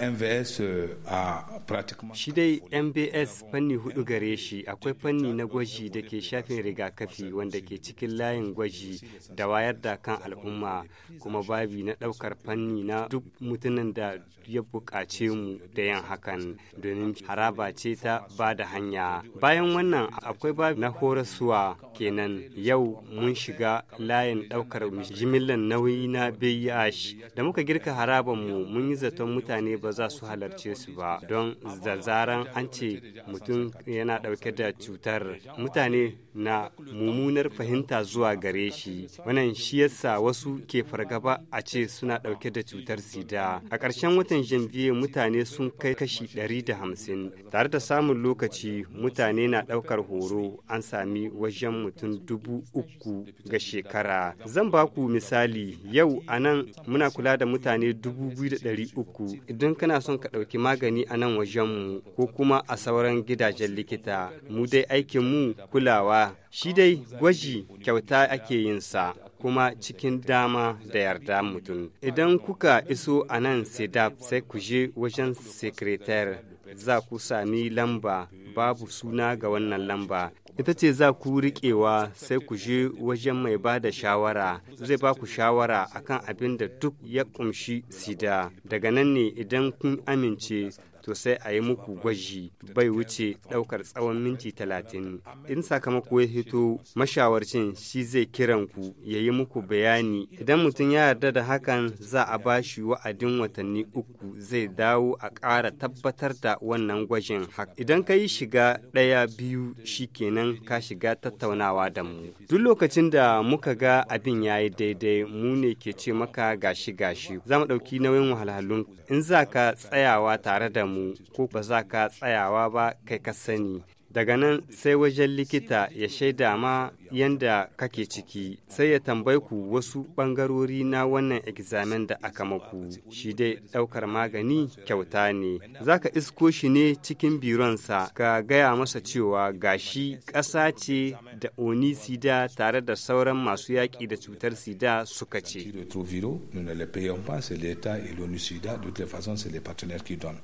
MVS a pratiquement Shi dai MVS fanni hudu gare shi akwai fanni na gwaji da ke shafin rigakafi wanda ke cikin layin gwaji da wayar da kan al'umma kuma babi na daukar fanni na duk mutumin da ya bukace mu da yan hakan domin haraba ce ta ba da hanya. Bayan wannan akwai babi na horaswa kenan yau mun shiga layin daukar jimillan nauyi na biyash da muka girka haraban mu mun yi zaton mutane ba ba za su halarce su ba don da zaran an ce mutum yana ɗauke da cutar mutane na mummunar fahimta zuwa gare shi wannan shi yasa wasu ke fargaba a ce suna ɗauke da cutar sida a ƙarshen watan janvier mutane sun kai kashi ɗari da hamsin tare da samun lokaci mutane na ɗaukar horo an sami wajen mutum dubu uku ga shekara zan ba ku misali yau a nan muna kula da mutane dubu biyu da ɗari uku idan kana son ka ɗauki magani a nan wajenmu ko kuma a sauran gidajen likita mu dai aikin mu kulawa shi dai gwaji kyauta ake yin sa kuma cikin dama da yarda mutum idan kuka iso a nan sedap sai ku je wajen sekretar za ku sami lamba babu suna ga wannan lamba ita ce za ku riƙewa sai ku je wajen mai ba da shawara zai ba ku shawara akan abin da duk ya ƙumshi sida daga nan ne idan kun amince sosai a yi muku gwaji bai wuce ɗaukar tsawon minti talatin in sakamako ya hito mashawarcin shi zai kiran ku ya yi muku bayani idan mutum ya yarda da hakan za a ba shi wa'adin watanni uku zai dawo a ƙara tabbatar da wannan gwajin haka idan ka yi shiga ɗaya biyu shi kenan ka shiga tattaunawa da mu duk lokacin da muka ga abin ya yi daidai mu ne ke ce maka gashi gashi za mu ɗauki nauyin wahalhalun in za ka tsayawa tare da mu mu ko ba za ka tsayawa ba kai ka sani daga nan sai wajen likita ya shaida ma yanda kake ciki sai ya tambayi ku wasu ɓangarori na wannan examen da aka maku shi dai ɗaukar magani kyauta ne za ka isko shi ne cikin bironsa ka gaya masa cewa gashi ƙasa ce da oni sida tare da sauran masu yaƙi da cutar sida suka ce